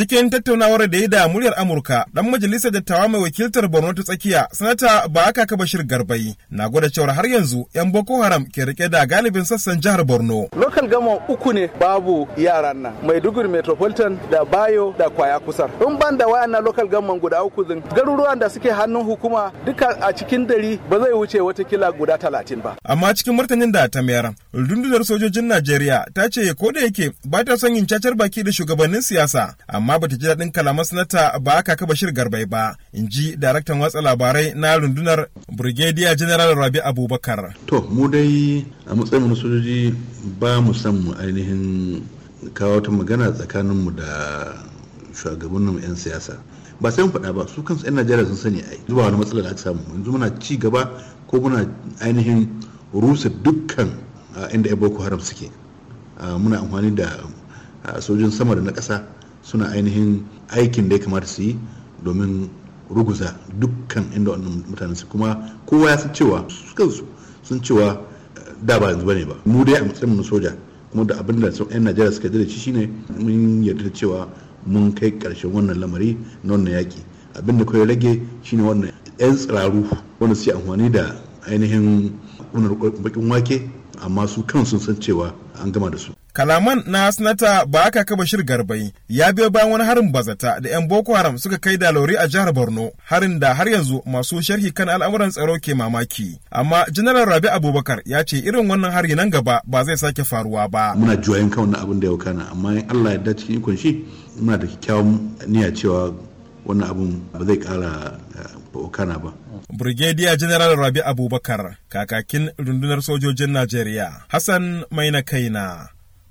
Cikin tattaunawar da ya da muryar Amurka, dan majalisar dattawa mai wakiltar Borno ta tsakiya, sanata Ba'aka Bashir Garbai, na gwada cewar har yanzu 'yan Boko Haram ke rike da galibin sassan jihar Borno. Lokal gama uku ne babu yaran nan, Maiduguri Metropolitan da Bayo da Kwaya Kusar. In ban da wayannan lokal gama guda uku din, garuruwan da suke hannun hukuma duka a cikin dari ba zai wuce wata kila guda talatin ba. Amma cikin martanin da ta mayar, rundunar sojojin Najeriya ta ce ko da yake ba ta son yin cacar baki da shugabannin siyasa, amma amma bata ji daɗin kalaman sanata ba aka kaba shir garbai ba in ji daraktan watsa labarai na rundunar brigadier general rabi abubakar to mu dai a matsayin na sojoji ba mu san mu ainihin kawo ta magana tsakaninmu da shugabannin 'yan siyasa ba sai mun faɗa ba su kansu 'yan najeriya sun sani ai zuwa wani matsala da aka samu yanzu muna ci gaba ko muna ainihin rusa dukkan inda ya boko haram suke muna amfani da sojin sama da na ƙasa suna ainihin aikin da ya kamata su yi domin ruguza dukkan inda wannan mutane su kuma kowa ya san cewa su kansu sun cewa eh, da ba yanzu bane ba mu dai a matsayin mu soja kuma da abin da yan najeriya suka jira shi shine mun yarda da cewa mun kai karshen wannan lamari na wannan yaki abinda da kawai rage shine wannan yan tsiraru wanda su amfani da ainihin kunar bakin wake amma su kan sun san cewa an gama da su kalaman na sanata ba aka kaba shir garbai ya biyo bayan wani harin bazata da 'yan boko haram suka kai da lori a jihar borno harin da har yanzu masu sharhi kan al'amuran tsaro ke mamaki amma janaral rabi abubakar ya ce irin wannan hari nan gaba ba zai sake faruwa ba muna juwayen kan wannan abin da ya kana amma allah ya cikin ikon shi muna da kyakkyawan niyya cewa wannan abin ba zai kara eh, kana ba Brigadier General Rabi Abubakar, kakakin rundunar sojojin Najeriya, Hassan Maina Kaina,